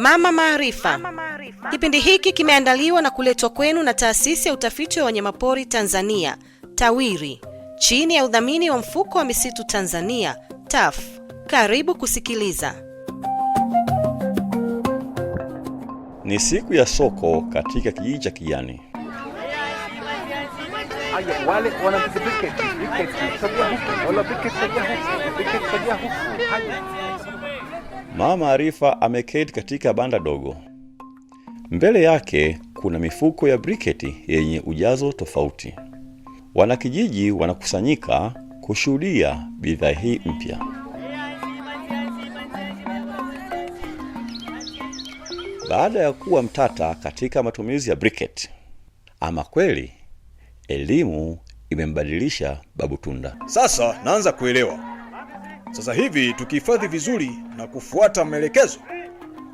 Mama Maarifa. Kipindi hiki kimeandaliwa na kuletwa kwenu na Taasisi ya Utafiti wa Wanyamapori Tanzania, TAWIRI, chini ya udhamini wa Mfuko wa Misitu Tanzania, TAF. Karibu kusikiliza. Ni siku ya soko katika kijiji cha Kijani. Mama Arifa ameketi katika banda dogo. Mbele yake kuna mifuko ya briketi yenye ujazo tofauti. Wanakijiji wanakusanyika kushuhudia bidhaa hii mpya. Baada ya kuwa mtata katika matumizi ya briket ama kweli elimu imembadilisha babutunda Sasa naanza kuelewa sasa hivi tukihifadhi vizuri na kufuata maelekezo,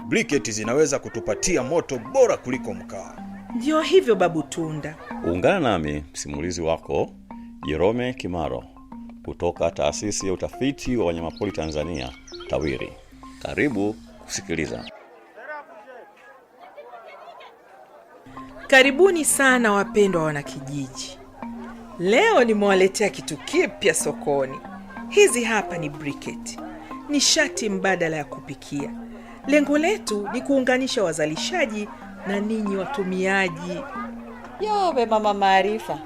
briketi zinaweza kutupatia moto bora kuliko mkaa. Ndio hivyo, Babu Tunda. Ungana nami msimulizi wako Jerome Kimaro kutoka Taasisi ya Utafiti wa Wanyamapori Tanzania, TAWIRI. Karibu kusikiliza. Karibuni sana wapendwa wanakijiji, leo nimewaletea kitu kipya sokoni. Hizi hapa ni ni shati mbadala ya kupikia. Lengo letu ni kuunganisha wazalishaji na ninyi watumiaji. Yowe mama Maarifa,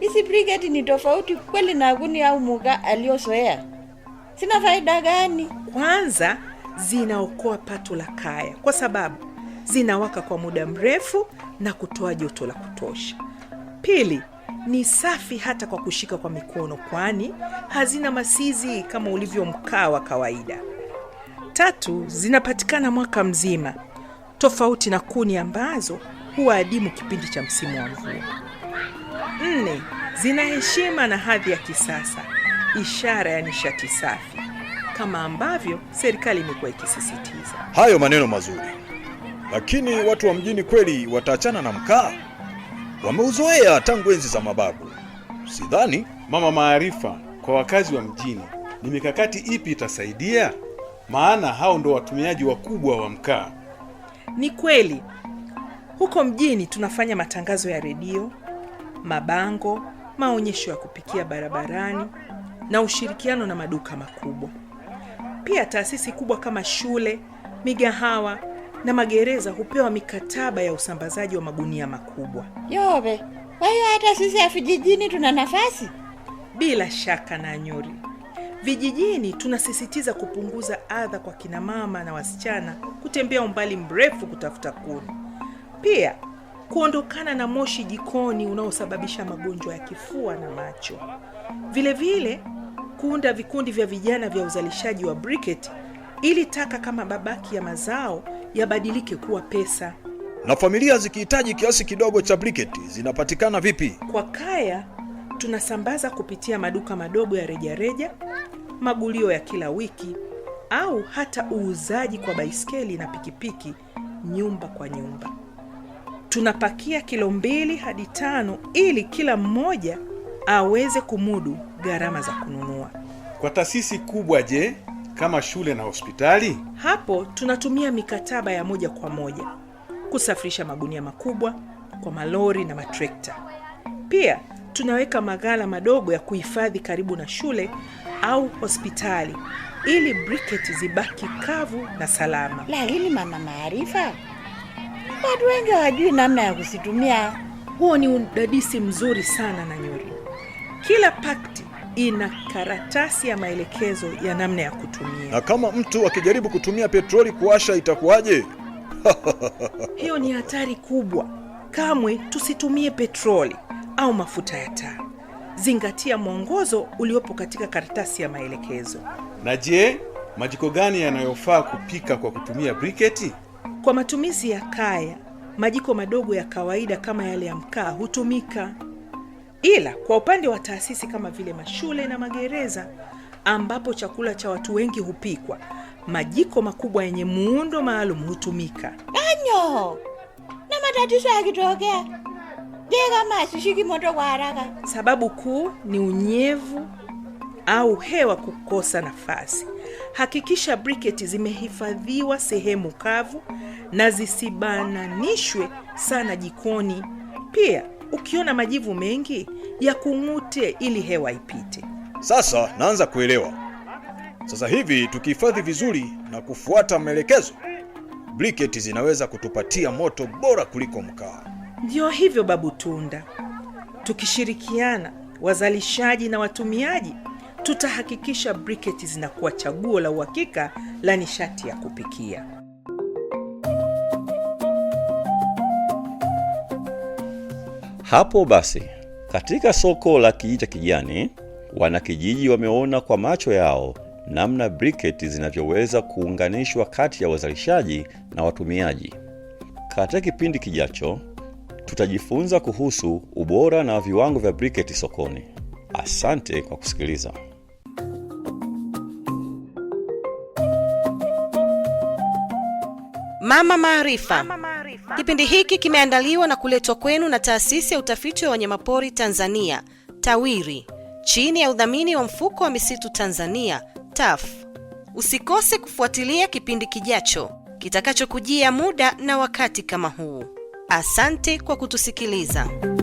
hizi briquette ni tofauti kweli na guni au muga aliyozoea. Zina faida gani? Kwanza, zinaokoa pato la kaya kwa sababu zinawaka kwa muda mrefu na kutoa joto la kutosha. Pili, ni safi hata kwa kushika kwa mikono, kwani hazina masizi kama ulivyo mkaa wa kawaida. Tatu, zinapatikana mwaka mzima, tofauti na kuni ambazo huwa adimu kipindi cha msimu wa mvua. Nne, zina heshima na hadhi ya kisasa, ishara ya nishati safi kama ambavyo serikali imekuwa ikisisitiza. Hayo maneno mazuri, lakini watu wa mjini kweli wataachana na mkaa? wameuzoea tangu enzi za mababu. Sidhani Mama Maarifa, kwa wakazi wa mjini ni mikakati ipi itasaidia? Maana hao ndo watumiaji wakubwa wa mkaa. Ni kweli huko mjini tunafanya matangazo ya redio, mabango, maonyesho ya kupikia barabarani na ushirikiano na maduka makubwa. Pia taasisi kubwa kama shule, migahawa na magereza hupewa mikataba ya usambazaji wa magunia makubwa. Yobe, kwa hiyo hata sisi ya vijijini tuna nafasi? Bila shaka na Nyuri, vijijini tunasisitiza kupunguza adha kwa kinamama na wasichana kutembea umbali mrefu kutafuta kuni, pia kuondokana na moshi jikoni unaosababisha magonjwa ya kifua na macho. Vilevile vile, kuunda vikundi vya vijana vya uzalishaji wa briketi ili taka kama babaki ya mazao yabadilike kuwa pesa. Na familia zikihitaji kiasi kidogo cha briketi zinapatikana vipi? Kwa kaya tunasambaza kupitia maduka madogo ya rejareja, magulio ya kila wiki au hata uuzaji kwa baiskeli na pikipiki, nyumba kwa nyumba. Tunapakia kilo mbili hadi tano ili kila mmoja aweze kumudu gharama za kununua. Kwa taasisi kubwa, je, kama shule na hospitali. Hapo tunatumia mikataba ya moja kwa moja kusafirisha magunia makubwa kwa malori na matrekta. Pia tunaweka maghala madogo ya kuhifadhi karibu na shule au hospitali ili briketi zibaki kavu na salama. Lakini mama Maarifa, watu wengi hawajui namna ya kuzitumia. Huo ni udadisi mzuri sana na Nyuri. Kila pakti ina karatasi ya maelekezo ya namna ya kutumia. Na kama mtu akijaribu kutumia petroli kuasha itakuwaje? Hiyo ni hatari kubwa. Kamwe tusitumie petroli au mafuta ya taa. Zingatia mwongozo uliopo katika karatasi ya maelekezo. Na je, majiko gani yanayofaa kupika kwa kutumia briketi? Kwa matumizi ya kaya, majiko madogo ya kawaida kama yale ya mkaa hutumika. Ila kwa upande wa taasisi kama vile mashule na magereza ambapo chakula cha watu wengi hupikwa, majiko makubwa yenye muundo maalum hutumika. Ganyo na matatizo yakitokea, je, kama asishiki moto kwa haraka? Sababu kuu ni unyevu au hewa kukosa nafasi. Hakikisha briketi zimehifadhiwa sehemu kavu na zisibananishwe sana jikoni. Pia Ukiona majivu mengi ya kungute ili hewa ipite. Sasa naanza kuelewa. Sasa hivi tukihifadhi vizuri na kufuata maelekezo, briketi zinaweza kutupatia moto bora kuliko mkaa. ndio hivyo, Babu Tunda. Tukishirikiana wazalishaji na watumiaji, tutahakikisha briketi zinakuwa chaguo la uhakika la nishati ya kupikia. Hapo basi, katika soko la kijiji cha Kijani, wanakijiji wameona kwa macho yao namna briketi zinavyoweza kuunganishwa kati ya wazalishaji na watumiaji. Katika kipindi kijacho, tutajifunza kuhusu ubora na viwango vya briketi sokoni. Asante kwa kusikiliza. Mama Maarifa. Kipindi hiki kimeandaliwa na kuletwa kwenu na Taasisi ya Utafiti wa Wanyamapori Tanzania TAWIRI chini ya udhamini wa Mfuko wa Misitu Tanzania TAF. Usikose kufuatilia kipindi kijacho kitakachokujia muda na wakati kama huu. Asante kwa kutusikiliza.